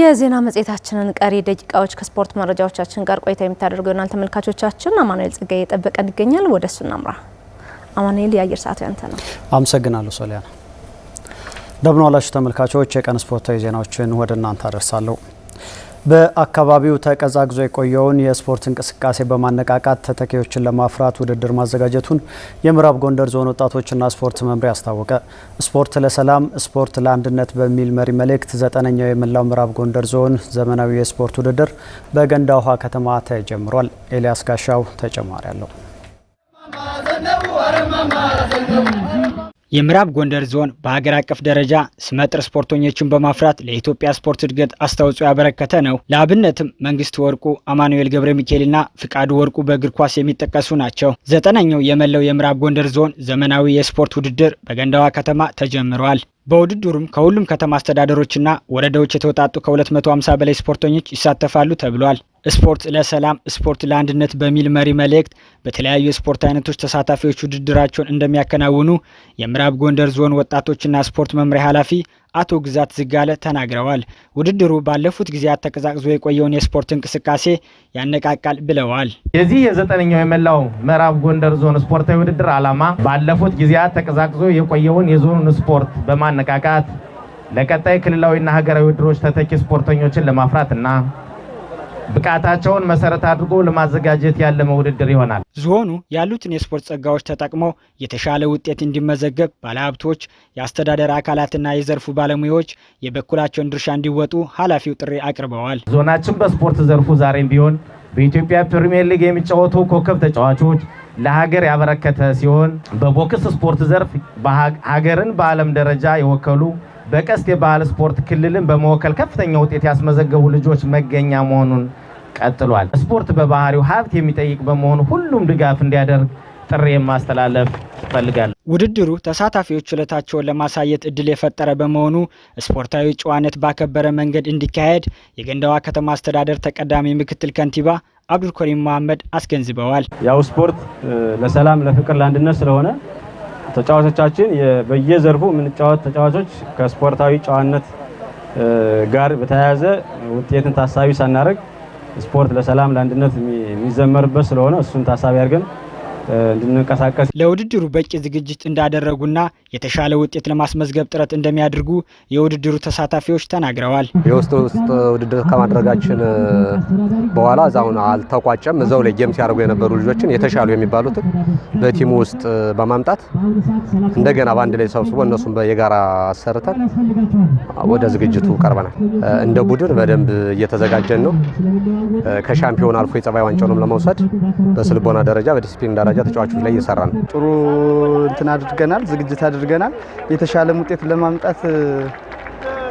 የዜና መጽሔታችንን ቀሪ ደቂቃዎች ከስፖርት መረጃዎቻችን ጋር ቆይታ የምታደርጉ ይሆናል። ተመልካቾቻችን አማኑኤል ጸጋዬ እየጠበቀን ይገኛል። ወደ እሱ እናምራ። አማኑኤል፣ የአየር ሰዓቱ ያንተ ነው። አመሰግናለሁ ሶሊያና። እንደምን ዋላችሁ ተመልካቾች። የቀን ስፖርታዊ ዜናዎችን ወደ እናንተ አደርሳለሁ። በአካባቢው ተቀዛቅዞ የቆየውን የስፖርት እንቅስቃሴ በማነቃቃት ተተኪዎችን ለማፍራት ውድድር ማዘጋጀቱን የምዕራብ ጎንደር ዞን ወጣቶችና ስፖርት መምሪያ አስታወቀ። ስፖርት ለሰላም ስፖርት ለአንድነት በሚል መሪ መልእክት ዘጠነኛው የመላው ምዕራብ ጎንደር ዞን ዘመናዊ የስፖርት ውድድር በገንዳ ውሃ ከተማ ተጀምሯል። ኤልያስ ጋሻው ተጨማሪ አለው። የምዕራብ ጎንደር ዞን በሀገር አቀፍ ደረጃ ስመጥር ስፖርተኞችን በማፍራት ለኢትዮጵያ ስፖርት እድገት አስተዋጽኦ ያበረከተ ነው። ለአብነትም መንግስት ወርቁ፣ አማኑኤል ገብረ ሚካኤልና ፍቃዱ ወርቁ በእግር ኳስ የሚጠቀሱ ናቸው። ዘጠነኛው የመላው የምዕራብ ጎንደር ዞን ዘመናዊ የስፖርት ውድድር በገንዳዋ ከተማ ተጀምሯል። በውድድሩም ከሁሉም ከተማ አስተዳደሮችና ወረዳዎች የተውጣጡ ከ250 በላይ ስፖርተኞች ይሳተፋሉ ተብሏል። ስፖርት ለሰላም ስፖርት ለአንድነት በሚል መሪ መልእክት በተለያዩ የስፖርት አይነቶች ተሳታፊዎች ውድድራቸውን እንደሚያከናውኑ የምዕራብ ጎንደር ዞን ወጣቶችና ስፖርት መምሪያ ኃላፊ አቶ ግዛት ዝጋለ ተናግረዋል። ውድድሩ ባለፉት ጊዜያት ተቀዛቅዞ የቆየውን የስፖርት እንቅስቃሴ ያነቃቃል ብለዋል። የዚህ የዘጠነኛው የመላው ምዕራብ ጎንደር ዞን ስፖርታዊ ውድድር ዓላማ ባለፉት ጊዜያት ተቀዛቅዞ የቆየውን የዞኑን ስፖርት በማነቃቃት ለቀጣይ ክልላዊና ሀገራዊ ውድድሮች ተተኪ ስፖርተኞችን ለማፍራት እና ብቃታቸውን መሰረት አድርጎ ለማዘጋጀት ያለመ ውድድር ይሆናል። ዞኑ ያሉትን የስፖርት ጸጋዎች ተጠቅመው የተሻለ ውጤት እንዲመዘገብ ባለሀብቶች፣ የአስተዳደር አካላትና የዘርፉ ባለሙያዎች የበኩላቸውን ድርሻ እንዲወጡ ኃላፊው ጥሪ አቅርበዋል። ዞናችን በስፖርት ዘርፉ ዛሬም ቢሆን በኢትዮጵያ ፕሪሚየር ሊግ የሚጫወቱ ኮከብ ተጫዋቾች ለሀገር ያበረከተ ሲሆን በቦክስ ስፖርት ዘርፍ ሀገርን በዓለም ደረጃ የወከሉ በቀስት የባህል ስፖርት ክልልን በመወከል ከፍተኛ ውጤት ያስመዘገቡ ልጆች መገኛ መሆኑን ቀጥሏል። ስፖርት በባህሪው ሀብት የሚጠይቅ በመሆኑ ሁሉም ድጋፍ እንዲያደርግ ጥሪ ማስተላለፍ ይፈልጋል። ውድድሩ ተሳታፊዎች ችሎታቸውን ለማሳየት እድል የፈጠረ በመሆኑ ስፖርታዊ ጨዋነት ባከበረ መንገድ እንዲካሄድ የገንዳዋ ከተማ አስተዳደር ተቀዳሚ ምክትል ከንቲባ አብዱልኮሪም መሐመድ አስገንዝበዋል። ያው ስፖርት ለሰላም፣ ለፍቅር፣ ለአንድነት ስለሆነ ተጫዋቾቻችን በየዘርፉ የምንጫወት ተጫዋቾች ከስፖርታዊ ጨዋነት ጋር በተያያዘ ውጤትን ታሳቢ ሳናደርግ ስፖርት ለሰላም ለአንድነት የሚዘመርበት ስለሆነ እሱን ታሳቢ አድርገን እንድንንቀሳቀስ ለውድድሩ በቂ ዝግጅት እንዳደረጉና የተሻለ ውጤት ለማስመዝገብ ጥረት እንደሚያደርጉ የውድድሩ ተሳታፊዎች ተናግረዋል። የውስጥ ውስጥ ውድድር ከማድረጋችን በኋላ እዛሁን አልተቋጨም። እዛው ላይ ጌም ሲያደርጉ የነበሩ ልጆችን የተሻሉ የሚባሉትን በቲሙ ውስጥ በማምጣት እንደገና በአንድ ላይ ሰብስቦ እነሱም የጋራ አሰርተን ወደ ዝግጅቱ ቀርበናል። እንደ ቡድን በደንብ እየተዘጋጀን ነው። ከሻምፒዮን አልፎ የጸባይ ዋንጫውንም ለመውሰድ በስልቦና ደረጃ በዲስፕሊን ደረጃ ደረጃ ተጫዋቾች ላይ እየሰራ ነው። ጥሩ እንትን አድርገናል፣ ዝግጅት አድርገናል። የተሻለም ውጤት ለማምጣት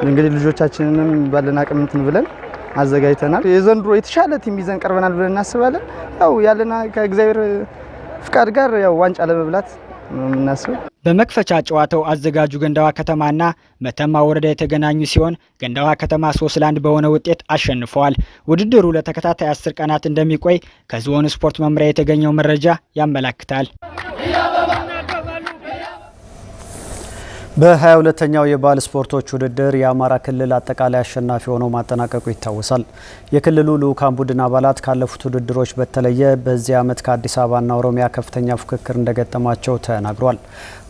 እንግዲህ ልጆቻችንንም ባለን አቅም እንትን ብለን አዘጋጅተናል። የዘንድሮ የተሻለ ቲም ይዘን ቀርበናል ብለን እናስባለን። ያው ያለና ከእግዚአብሔር ፍቃድ ጋር ያው ዋንጫ ለመብላት ነው የምናስበው። በመክፈቻ ጨዋታው አዘጋጁ ገንዳዋ ከተማና መተማ ወረዳ የተገናኙ ሲሆን ገንዳዋ ከተማ ሶስት ለአንድ በሆነ ውጤት አሸንፈዋል። ውድድሩ ለተከታታይ አስር ቀናት እንደሚቆይ ከዞን ስፖርት መምሪያ የተገኘው መረጃ ያመላክታል። በ22ኛው የባል ስፖርቶች ውድድር የአማራ ክልል አጠቃላይ አሸናፊ ሆኖ ማጠናቀቁ ይታወሳል። የክልሉ ልዑካን ቡድን አባላት ካለፉት ውድድሮች በተለየ በዚህ ዓመት ከአዲስ አበባና ኦሮሚያ ከፍተኛ ፉክክር እንደገጠማቸው ተናግሯል።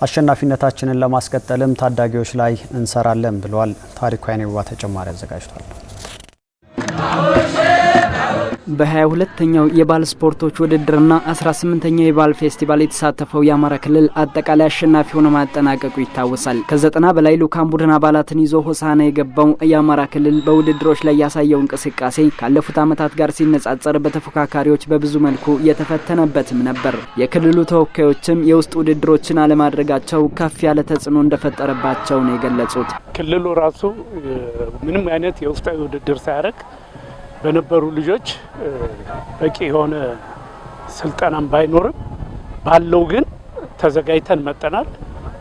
አሸናፊነታችንን ለማስቀጠልም ታዳጊዎች ላይ እንሰራለን ብሏል። ታሪኩ አይኔዋ ተጨማሪ አዘጋጅቷል። በ22ኛው የባል ስፖርቶች ውድድርና 18ኛው የባል ፌስቲቫል የተሳተፈው የአማራ ክልል አጠቃላይ አሸናፊ ሆኖ ማጠናቀቁ ይታወሳል። ከዘጠና በላይ ልኡካን ቡድን አባላትን ይዞ ሆሳና የገባው የአማራ ክልል በውድድሮች ላይ ያሳየው እንቅስቃሴ ካለፉት ዓመታት ጋር ሲነጻጸር በተፎካካሪዎች በብዙ መልኩ የተፈተነበትም ነበር። የክልሉ ተወካዮችም የውስጥ ውድድሮችን አለማድረጋቸው ከፍ ያለ ተጽዕኖ እንደፈጠረባቸው ነው የገለጹት። ክልሉ ራሱ ምንም አይነት የውስጣዊ ውድድር ሳያደርግ በነበሩ ልጆች በቂ የሆነ ስልጠናም ባይኖርም ባለው ግን ተዘጋጅተን መጠናል።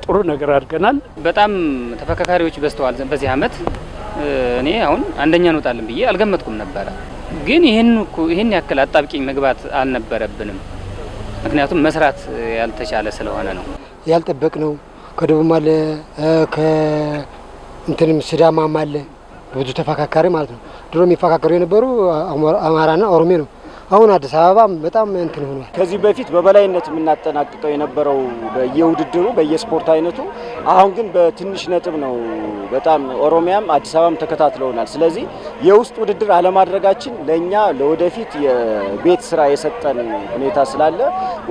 ጥሩ ነገር አድርገናል። በጣም ተፈካካሪዎች በዝተዋል በዚህ አመት። እኔ አሁን አንደኛ እንወጣለን ብዬ አልገመትኩም ነበረ። ግን ይህን ያክል አጣብቂኝ መግባት አልነበረብንም። ምክንያቱም መስራት ያልተቻለ ስለሆነ ነው ያልጠበቅ ነው። ከደቡብ አለ ከእንትንም ስዳማም አለ ብዙ ተፈካካሪ ማለት ነው። ድሮ የሚፈካከሩ የነበሩ አማራና ኦሮሜ ነው። አሁን አዲስ አበባም በጣም እንትን ሆኗል። ከዚህ በፊት በበላይነት የምናጠናቅቀው የነበረው በየውድድሩ በየስፖርት አይነቱ፣ አሁን ግን በትንሽ ነጥብ ነው። በጣም ኦሮሚያም አዲስ አበባም ተከታትለውናል። ስለዚህ የውስጥ ውድድር አለማድረጋችን ለእኛ ለወደፊት የቤት ስራ የሰጠን ሁኔታ ስላለ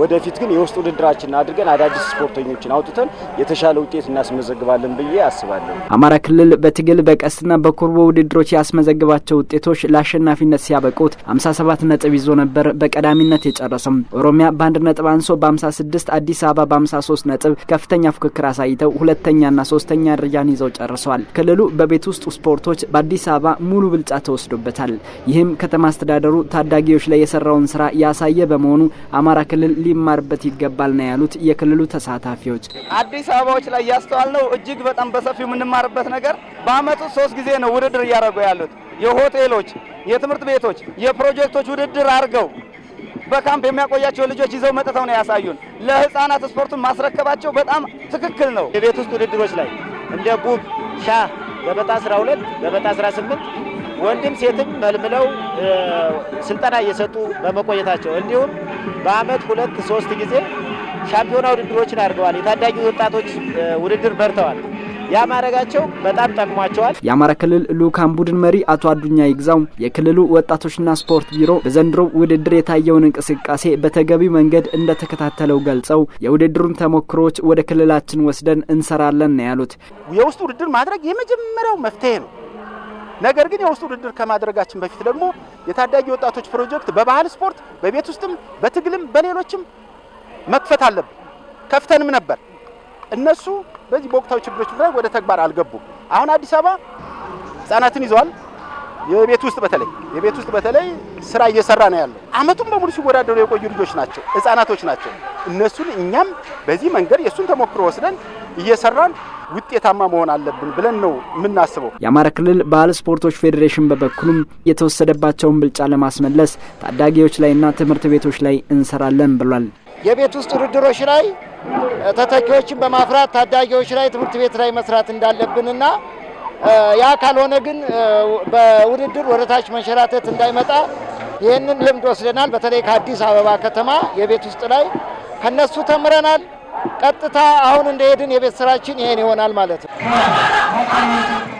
ወደፊት ግን የውስጥ ውድድራችን አድርገን አዳዲስ ስፖርተኞችን አውጥተን የተሻለ ውጤት እናስመዘግባለን ብዬ አስባለሁ። አማራ ክልል በትግል በቀስትና በኩርቦ ውድድሮች ያስመዘግባቸው ውጤቶች ለአሸናፊነት ሲያበቁት 57 ነጥብ ይዞ ይዞ ነበር በቀዳሚነት የጨረሰው። ኦሮሚያ በአንድ ነጥብ አንሶ በ56 አዲስ አበባ በ53 ነጥብ ከፍተኛ ፉክክር አሳይተው ሁለተኛና ሶስተኛ ደረጃን ይዘው ጨርሰዋል። ክልሉ በቤት ውስጥ ስፖርቶች በአዲስ አበባ ሙሉ ብልጫ ተወስዶበታል። ይህም ከተማ አስተዳደሩ ታዳጊዎች ላይ የሰራውን ስራ ያሳየ በመሆኑ አማራ ክልል ሊማርበት ይገባል ነው ያሉት የክልሉ ተሳታፊዎች። አዲስ አበባዎች ላይ ያስተዋል ነው እጅግ በጣም በሰፊው የምንማርበት ነገር በአመቱ ሶስት ጊዜ ነው ውድድር እያደረጉ ያሉት የሆቴሎች፣ የትምህርት ቤቶች፣ የፕሮጀክቶች ውድድር አድርገው በካምፕ የሚያቆያቸው ልጆች ይዘው መጥተው ነው ያሳዩን። ለህፃናት ስፖርቱን ማስረከባቸው በጣም ትክክል ነው። የቤት ውስጥ ውድድሮች ላይ እንደ ቡብ፣ ሻ ገበጣ 12፣ ገበጣ 18 ወንድም ሴትም መልምለው ስልጠና እየሰጡ በመቆየታቸው እንዲሁም በአመት ሁለት ሶስት ጊዜ ሻምፒዮና ውድድሮችን አድርገዋል። የታዳጊ ወጣቶች ውድድር መርተዋል። ያ ማድረጋቸው በጣም ጠቅሟቸዋል። የአማራ ክልል ልዑካን ቡድን መሪ አቶ አዱኛ ይግዛው የክልሉ ወጣቶችና ስፖርት ቢሮ በዘንድሮው ውድድር የታየውን እንቅስቃሴ በተገቢው መንገድ እንደተከታተለው ገልጸው የውድድሩን ተሞክሮዎች ወደ ክልላችን ወስደን እንሰራለን ነው ያሉት። የውስጥ ውድድር ማድረግ የመጀመሪያው መፍትሄ ነው። ነገር ግን የውስጥ ውድድር ከማድረጋችን በፊት ደግሞ የታዳጊ ወጣቶች ፕሮጀክት በባህል ስፖርት፣ በቤት ውስጥም፣ በትግልም፣ በሌሎችም መክፈት አለብን። ከፍተንም ነበር። እነሱ በዚህ በወቅታዊ ችግሮች ምክንያት ወደ ተግባር አልገቡም። አሁን አዲስ አበባ ህጻናትን ይዘዋል። የቤት ውስጥ በተለይ የቤት ውስጥ በተለይ ስራ እየሰራ ነው ያለው። አመቱን በሙሉ ሲወዳደሩ የቆዩ ልጆች ናቸው፣ ህጻናቶች ናቸው። እነሱን እኛም በዚህ መንገድ የእሱን ተሞክሮ ወስደን እየሰራን ውጤታማ መሆን አለብን ብለን ነው የምናስበው። የአማራ ክልል ባህል ስፖርቶች ፌዴሬሽን በበኩሉም የተወሰደባቸውን ብልጫ ለማስመለስ ታዳጊዎች ላይና ትምህርት ቤቶች ላይ እንሰራለን ብሏል። የቤት ውስጥ ውድድሮች ላይ ተተኪዎችን በማፍራት ታዳጊዎች ላይ ትምህርት ቤት ላይ መስራት እንዳለብንና ያ ካልሆነ ግን በውድድር ወደታች መንሸራተት እንዳይመጣ ይህንን ልምድ ወስደናል። በተለይ ከአዲስ አበባ ከተማ የቤት ውስጥ ላይ ከነሱ ተምረናል። ቀጥታ አሁን እንደሄድን የቤት ስራችን ይሄን ይሆናል ማለት ነው።